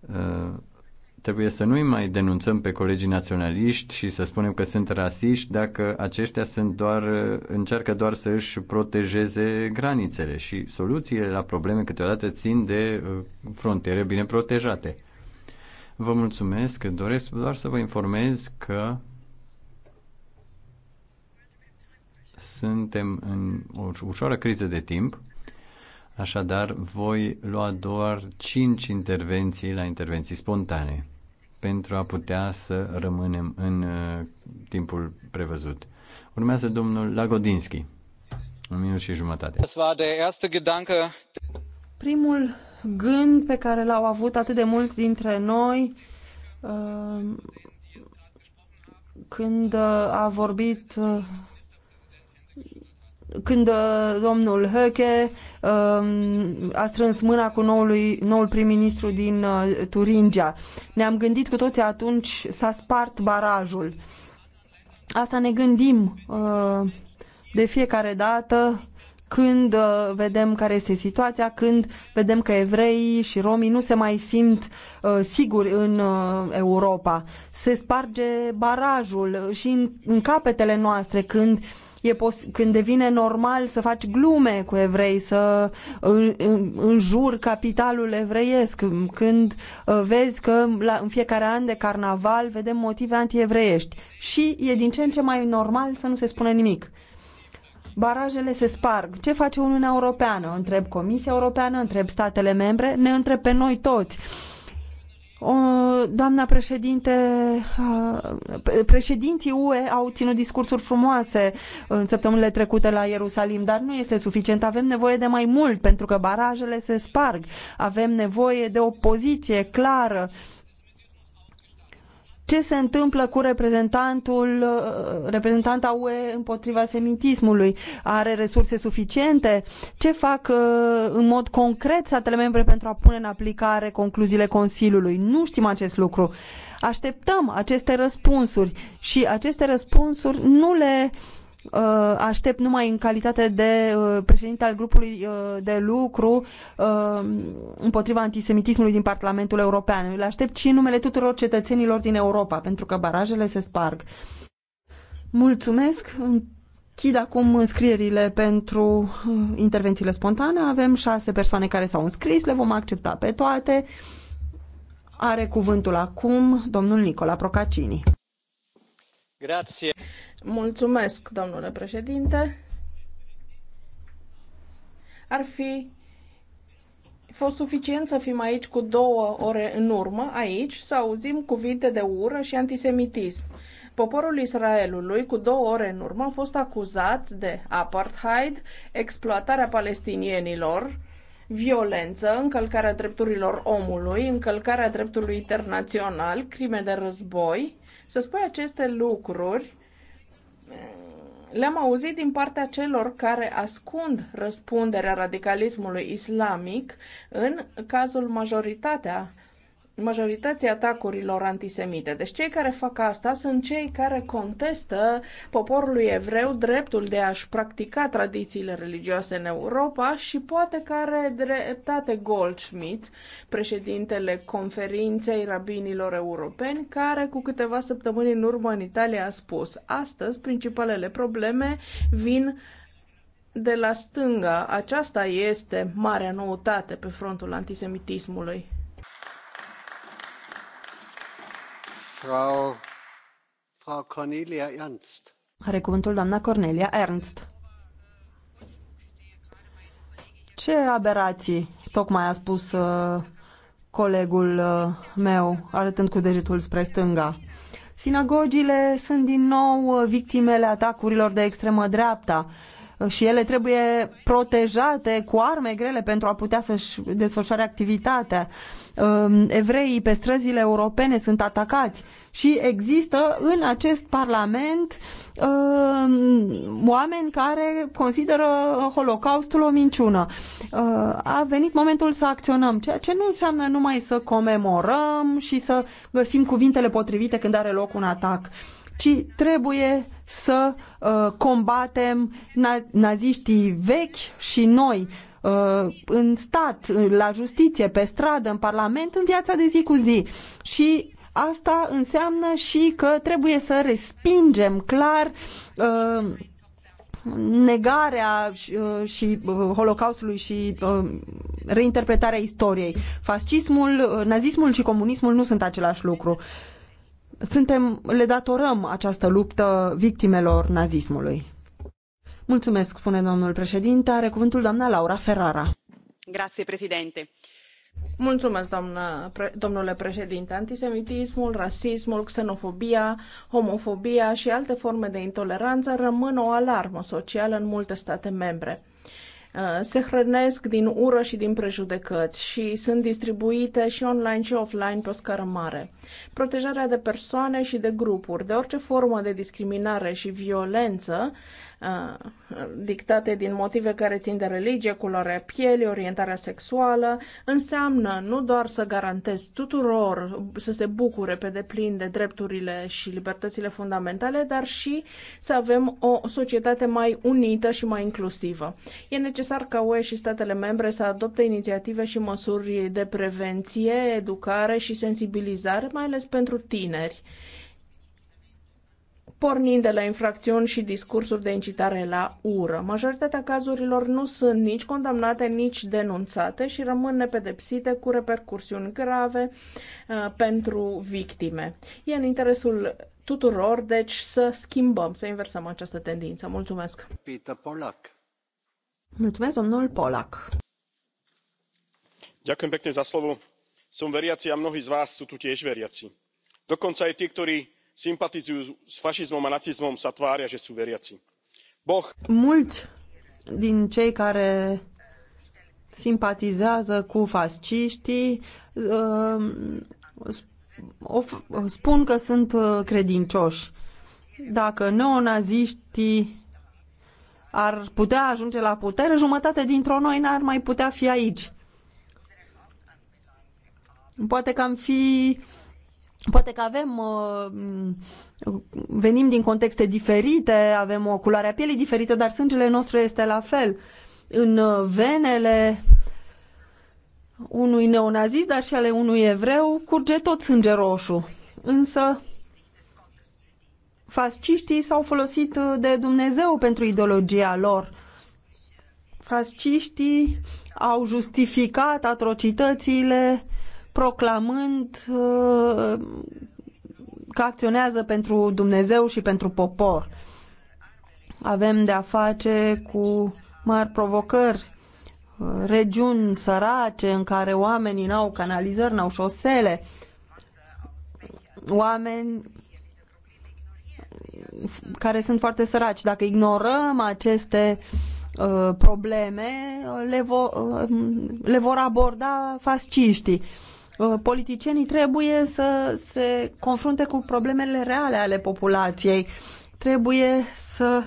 uh, Trebuie să nu-i mai denunțăm pe colegii naționaliști și să spunem că sunt rasiști dacă aceștia sunt doar, încearcă doar să își protejeze granițele și soluțiile la probleme câteodată țin de uh, frontiere bine protejate. Vă mulțumesc, doresc doar să vă informez că suntem în o ușoară criză de timp, așadar voi lua doar 5 intervenții la intervenții spontane pentru a putea să rămânem în uh, timpul prevăzut. Urmează domnul Lagodinski. Un minut și jumătate. Primul gând pe care l-au avut atât de mulți dintre noi uh, când uh, a vorbit uh, când uh, domnul Höcke um, a strâns mâna cu noului, noul prim-ministru din uh, Turingia. Ne-am gândit cu toții atunci s-a spart barajul. Asta ne gândim uh, de fiecare dată când vedem care este situația, când vedem că evreii și romii nu se mai simt siguri în Europa. Se sparge barajul și în, capetele noastre când e pos- când devine normal să faci glume cu evrei, să înjuri capitalul evreiesc, când uh, vezi că la, în fiecare an de carnaval vedem motive antievreiești și e din ce în ce mai normal să nu se spune nimic. Barajele se sparg. Ce face Uniunea Europeană? Întreb Comisia Europeană, întreb statele membre, ne întreb pe noi toți. Uh, o, doamna președinte, președinții UE au ținut discursuri frumoase uh, în săptămânile trecute la Ierusalim, dar nu este suficient. Avem nevoie de mai mult pentru că barajele se sparg. Avem nevoie de o poziție clară ce se întâmplă cu reprezentantul, uh, reprezentanta UE împotriva semitismului? Are resurse suficiente? Ce fac uh, în mod concret statele membre pentru a pune în aplicare concluziile Consiliului? Nu știm acest lucru. Așteptăm aceste răspunsuri și aceste răspunsuri nu le uh, Uh, aștept numai în calitate de uh, președinte al grupului uh, de lucru împotriva antisemitismului din Parlamentul European. Îl aștept și în numele tuturor cetățenilor din Europa, pentru că barajele se sparg. Mulțumesc! Închid acum înscrierile pentru intervențiile spontane. Avem șase persoane care s-au înscris, le vom accepta pe toate. Are cuvântul acum domnul Nicola Procacini. Grazie. Mulțumesc, domnule președinte. Ar fi fost suficient să fim aici cu două ore în urmă, aici, să auzim cuvinte de ură și antisemitism. Poporul Israelului, cu două ore în urmă, a fost acuzat de apartheid, exploatarea palestinienilor, violență, încălcarea drepturilor omului, încălcarea dreptului internațional, crime de război. Să spui aceste lucruri le-am auzit din partea celor care ascund răspunderea radicalismului islamic în cazul majoritatea Majoritatea atacurilor antisemite. Deci cei care fac asta sunt cei care contestă poporului evreu dreptul de a-și practica tradițiile religioase în Europa și poate că are dreptate Goldschmidt, președintele conferinței rabinilor europeni, care cu câteva săptămâni în urmă în Italia a spus astăzi principalele probleme vin de la stânga. Aceasta este marea noutate pe frontul antisemitismului. Frau, Cornelia Ernst. Are cuvântul doamna Cornelia Ernst. Ce aberații tocmai a spus uh, colegul uh, meu, arătând cu degetul spre stânga. Sinagogile sunt din nou uh, victimele atacurilor de extremă dreapta și ele trebuie protejate cu arme grele pentru a putea să-și desfășoare activitatea. Um, evreii pe străzile europene sunt atacați și există în acest parlament um, oameni care consideră Holocaustul o minciună. Uh, a venit momentul să acționăm, ceea ce nu înseamnă numai să comemorăm și să găsim cuvintele potrivite când are loc un atac ci trebuie să uh, combatem na- naziștii vechi și noi uh, în stat, la justiție, pe stradă, în parlament, în viața de zi cu zi. Și asta înseamnă și că trebuie să respingem clar uh, negarea uh, și, uh, și holocaustului și uh, reinterpretarea istoriei. Fascismul, uh, nazismul și comunismul nu sunt același lucru suntem, le datorăm această luptă victimelor nazismului. Mulțumesc, spune domnul președinte. Are cuvântul doamna Laura Ferrara. Grazie, președinte. Mulțumesc, doamnă, pre, domnule președinte. Antisemitismul, rasismul, xenofobia, homofobia și alte forme de intoleranță rămân o alarmă socială în multe state membre. Uh, se hrănesc din ură și din prejudecăți și sunt distribuite și online și offline pe o scară mare. Protejarea de persoane și de grupuri, de orice formă de discriminare și violență, dictate din motive care țin de religie, culoarea pielii, orientarea sexuală, înseamnă nu doar să garantezi tuturor să se bucure pe deplin de drepturile și libertățile fundamentale, dar și să avem o societate mai unită și mai inclusivă. E necesar ca UE și statele membre să adopte inițiative și măsuri de prevenție, educare și sensibilizare, mai ales pentru tineri pornind de la infracțiuni și discursuri de incitare la ură. Majoritatea cazurilor nu sunt nici condamnate, nici denunțate și rămân nepedepsite cu repercursiuni grave uh, pentru victime. E în interesul tuturor, deci, să schimbăm, să inversăm această tendință. Mulțumesc! Peter Polak. Mulțumesc, domnul Polak. Ďakujem pekne za slovo. Som veriaci a mnohí z vás sú tu tiež veriaci. Dokonca aj tí, ktorí sympatizujú s fašizmom a nacizmom, sa tvária, že sú veriaci. Boh... Mulți din cei care simpatizează cu fasciștii um, spun că sunt uh, credincioși. Dacă neonaziștii ar putea ajunge la putere, jumătate dintre noi n-ar mai putea fi aici. Poate că am fi Poate că avem, uh, venim din contexte diferite, avem o culoare a pielii diferită, dar sângele nostru este la fel. În uh, venele unui neonazist, dar și ale unui evreu, curge tot sânge roșu. Însă, fasciștii s-au folosit uh, de Dumnezeu pentru ideologia lor. Fasciștii au justificat atrocitățile proclamând uh, că acționează pentru Dumnezeu și pentru popor. Avem de-a face cu mari provocări, uh, regiuni sărace în care oamenii n-au canalizări, n-au șosele, oameni care sunt foarte săraci. Dacă ignorăm aceste uh, probleme, le, vo, le vor aborda fasciștii. Uh, politicienii trebuie să se confrunte cu problemele reale ale populației. Trebuie să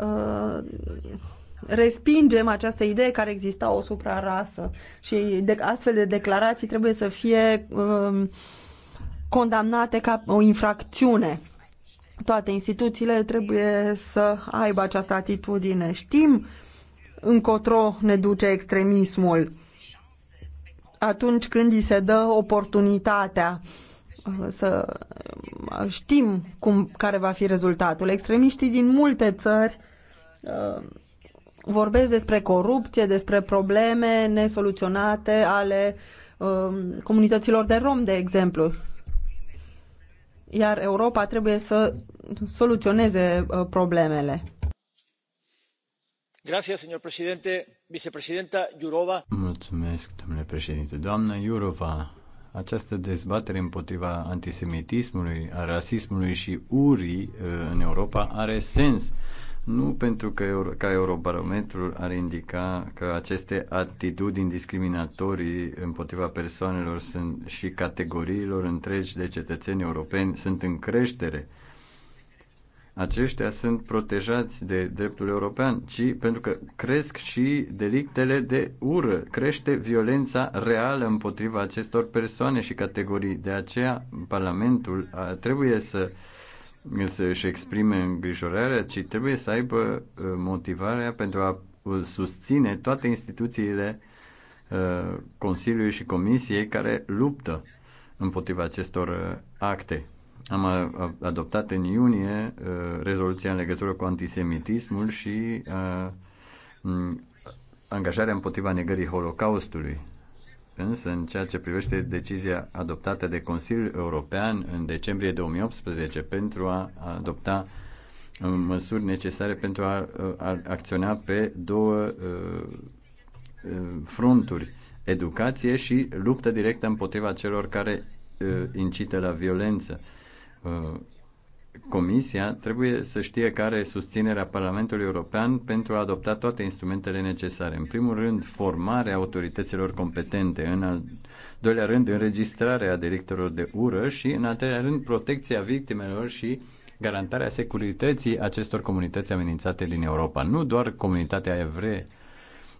uh, respingem această idee care exista o suprarasă și astfel de declarații trebuie să fie um, condamnate ca o infracțiune. Toate instituțiile trebuie să aibă această atitudine. Știm încotro ne duce extremismul atunci când îi se dă oportunitatea uh, să uh, știm cum, care va fi rezultatul. Extremiștii din multe țări uh, vorbesc despre corupție, despre probleme nesoluționate ale comunităților de rom, de exemplu. Iar Europa trebuie să soluționeze problemele. Gracias, señor presidente. Vicepresidenta Jurova. Mulțumesc, domnule președinte. Doamnă Iurova, această dezbatere împotriva antisemitismului, a rasismului și urii uh, în Europa are sens. Nu pentru că ca Eurobarometrul ar indica că aceste atitudini discriminatorii împotriva persoanelor sunt și categoriilor întregi de cetățeni europeni sunt în creștere aceștia sunt protejați de dreptul european, ci pentru că cresc și delictele de ură, crește violența reală împotriva acestor persoane și categorii. De aceea, Parlamentul trebuie să să-și exprime îngrijorarea, ci trebuie să aibă ă, motivarea pentru a susține toate instituțiile ă, Consiliului și Comisiei care luptă împotriva acestor ă, acte. Am adoptat în iunie uh, rezoluția în legătură cu antisemitismul și uh, angajarea împotriva negării Holocaustului. Însă, în ceea ce privește decizia adoptată de Consiliul European în decembrie 2018 pentru a adopta uh, măsuri necesare pentru a, a acționa pe două fronturi, educație și luptă directă împotriva celor care incită la violență. Uh, Comisia trebuie să știe care e susținerea Parlamentului European pentru a adopta toate instrumentele necesare. În primul rând, formarea autorităților competente, în al doilea rând, înregistrarea delictelor de ură și, în al treilea rând, protecția victimelor și garantarea securității acestor comunități amenințate din Europa. Nu doar comunitatea evre,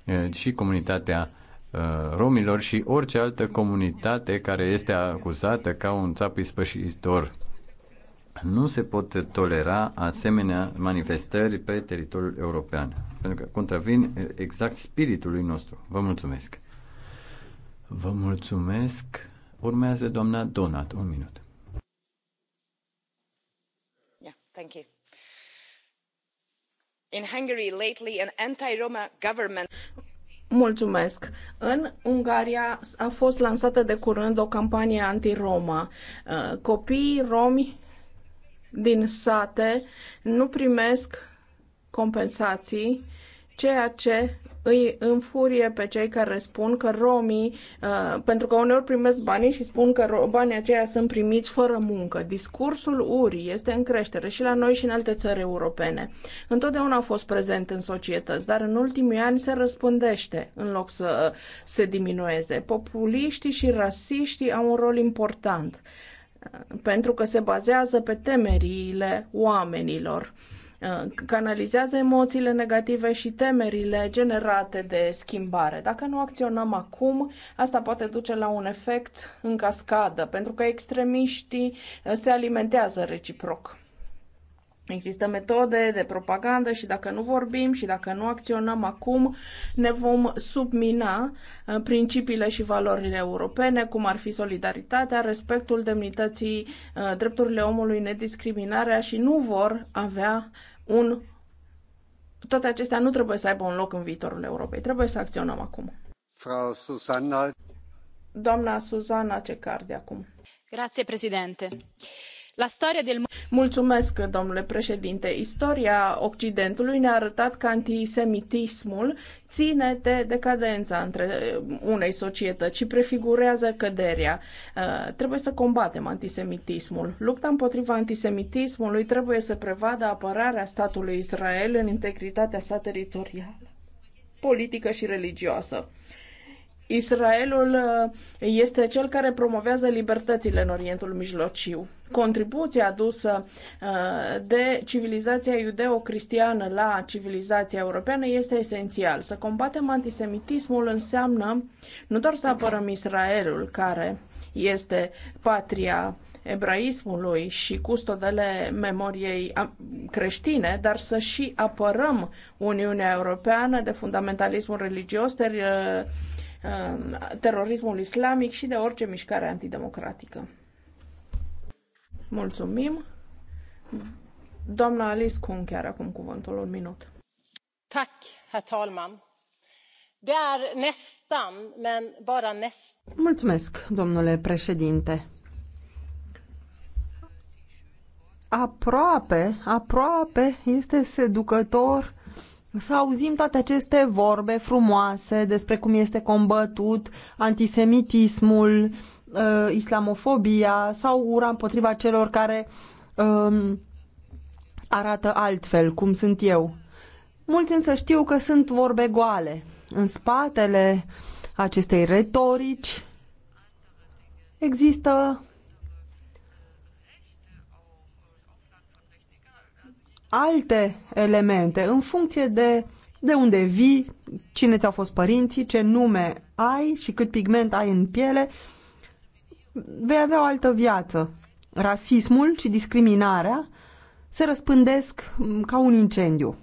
uh, și comunitatea uh, romilor și orice altă comunitate care este acuzată ca un țap ispășitor nu se pot tolera asemenea manifestări pe teritoriul european, pentru că contravin exact spiritului nostru. Vă mulțumesc! Vă mulțumesc! Urmează doamna Donat, un minut. Yeah, thank you in Hungary lately an anti-Roma government. Mulțumesc. În Ungaria a fost lansată de curând o campanie anti-Roma. Uh, copiii romi din sate nu primesc compensații, ceea ce îi înfurie pe cei care spun că romii, uh, pentru că uneori primesc banii și spun că banii aceia sunt primiți fără muncă. Discursul urii este în creștere și la noi și în alte țări europene. Întotdeauna a fost prezent în societăți, dar în ultimii ani se răspândește în loc să se diminueze. Populiștii și rasiștii au un rol important pentru că se bazează pe temerile oamenilor uh, canalizează emoțiile negative și temerile generate de schimbare. Dacă nu acționăm acum, asta poate duce la un efect în cascadă, pentru că extremiștii uh, se alimentează reciproc. Există metode de propagandă și dacă nu vorbim și dacă nu acționăm acum, ne vom submina uh, principiile și valorile europene, cum ar fi solidaritatea, respectul demnității, uh, drepturile omului, nediscriminarea și nu vor avea un. Toate acestea nu trebuie să aibă un loc în viitorul Europei. Trebuie să acționăm acum. Frau Susanna. Doamna Susana Cecardi acum. Grazie, președinte. La starea del... Mulțumesc, domnule președinte. Istoria Occidentului ne-a arătat că antisemitismul ține de decadența între uh, unei societăți și prefigurează căderea. Uh, trebuie să combatem antisemitismul. Lupta împotriva antisemitismului trebuie să prevadă apărarea statului Israel în integritatea sa teritorială, politică și religioasă. Israelul uh, este cel care promovează libertățile în Orientul Mijlociu. Contribuția adusă uh, de civilizația iudeo-cristiană la civilizația europeană este esențial. Să combatem antisemitismul înseamnă nu doar să apărăm Israelul, care este patria ebraismului și custodele memoriei creștine, dar să și apărăm Uniunea Europeană de fundamentalismul religios, ter- uh, Um, terorismul islamic și de orice mișcare antidemocratică. Mulțumim. Doamna Alice Kuhn chiar acum cuvântul, un minut. Tak, herr talman. Det är nästan, men bara nästan. Mulțumesc, domnule președinte. Aproape, aproape este seducător să auzim toate aceste vorbe frumoase despre cum este combătut antisemitismul, uh, islamofobia sau ura împotriva celor care uh, arată altfel, cum sunt eu. Mulți însă știu că sunt vorbe goale. În spatele acestei retorici există alte elemente în funcție de de unde vii, cine ți-au fost părinții, ce nume ai și cât pigment ai în piele, vei avea o altă viață. Rasismul și discriminarea se răspândesc mm, ca un incendiu.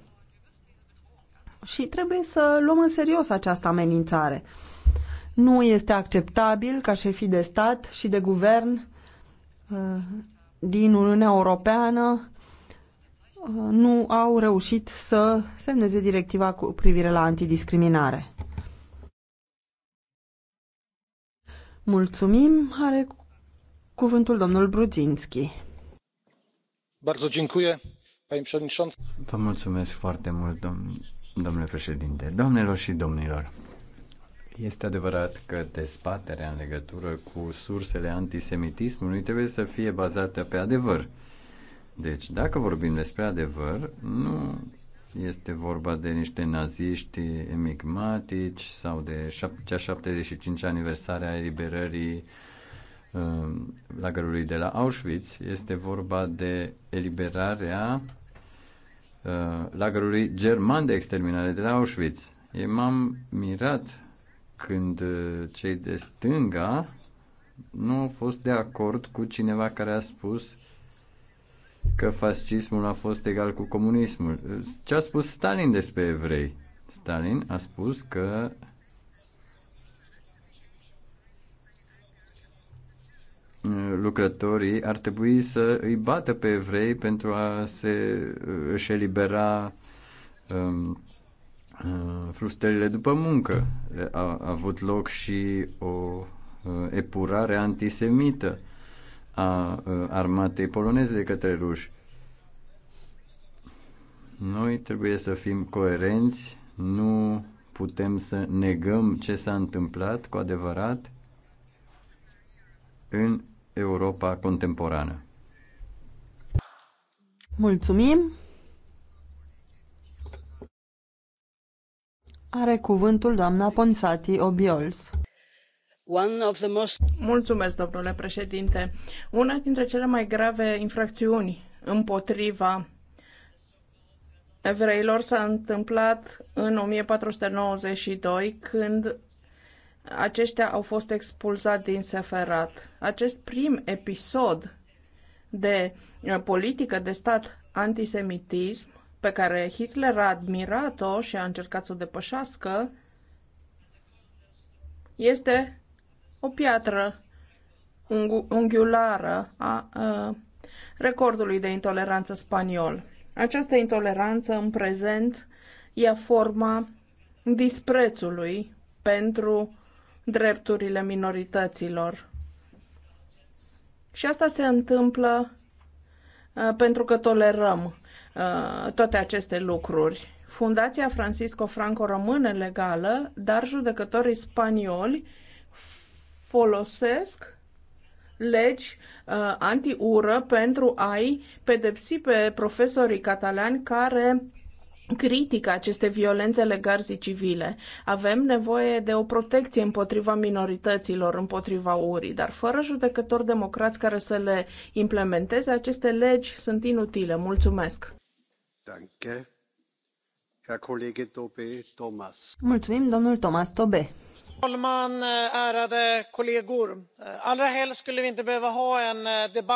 Și trebuie să luăm în serios această amenințare. Nu este acceptabil ca șefii de stat și de guvern uh, din Uniunea Europeană Uh, nu au reușit să semneze directiva cu privire la antidiscriminare. Mulțumim. Are cuvântul domnul Brudzinski. Bardzo dziękuję, panie przewodniczący. Vă mulțumesc foarte mult, domn, domnule președinte. domnilor și domnilor, este adevărat că dezbaterea în legătură cu sursele antisemitismului trebuie să fie bazată pe adevăr deci, dacă vorbim despre adevăr, nu este vorba de niște naziști enigmatici sau de cea 75 aniversare a eliberării um, lagărului de la Auschwitz. Este vorba de eliberarea uh, lagărului german de exterminare de la Auschwitz. Eu m-am mirat când uh, cei de stânga nu au fost de acord cu cineva care a spus uh, că fascismul a fost egal cu comunismul. Ce a spus Stalin despre evrei? Stalin a spus că lucrătorii ar trebui să îi bată pe evrei pentru a se își elibera um, uh, frustrările după muncă. A, a avut loc și o uh, epurare antisemită a armatei poloneze de către ruși. Noi trebuie să fim coerenți, nu putem să negăm ce s-a întâmplat cu adevărat în Europa contemporană. Mulțumim! Are cuvântul doamna Ponsati Obiols. Mulțumesc, domnule președinte. Una dintre cele mai grave infracțiuni împotriva evreilor s-a întâmplat în 1492, când aceștia au fost expulzați din Seferat. Acest prim episod de uh, politică de stat antisemitism pe care Hitler a admirat-o și a încercat să o depășească, este o piatră unghiulară a, a recordului de intoleranță spaniol. Această intoleranță în prezent ia forma disprețului pentru drepturile minorităților. Și asta se întâmplă a, pentru că tolerăm a, toate aceste lucruri. Fundația Francisco Franco rămâne legală, dar judecătorii spanioli folosesc legi uh, anti-ură pentru a-i pedepsi pe profesorii catalani care critică aceste violențe legării civile. Avem nevoie de o protecție împotriva minorităților, împotriva urii, dar fără judecători democrați care să le implementeze, aceste legi sunt inutile. Mulțumesc! Danke. Herr Kollege Tobe Thomas. Mulțumim, domnul Thomas Tobe talman eh, ärade kollegor eh, allra helst skulle vi inte behöva ha en eh, debatt om migrationen.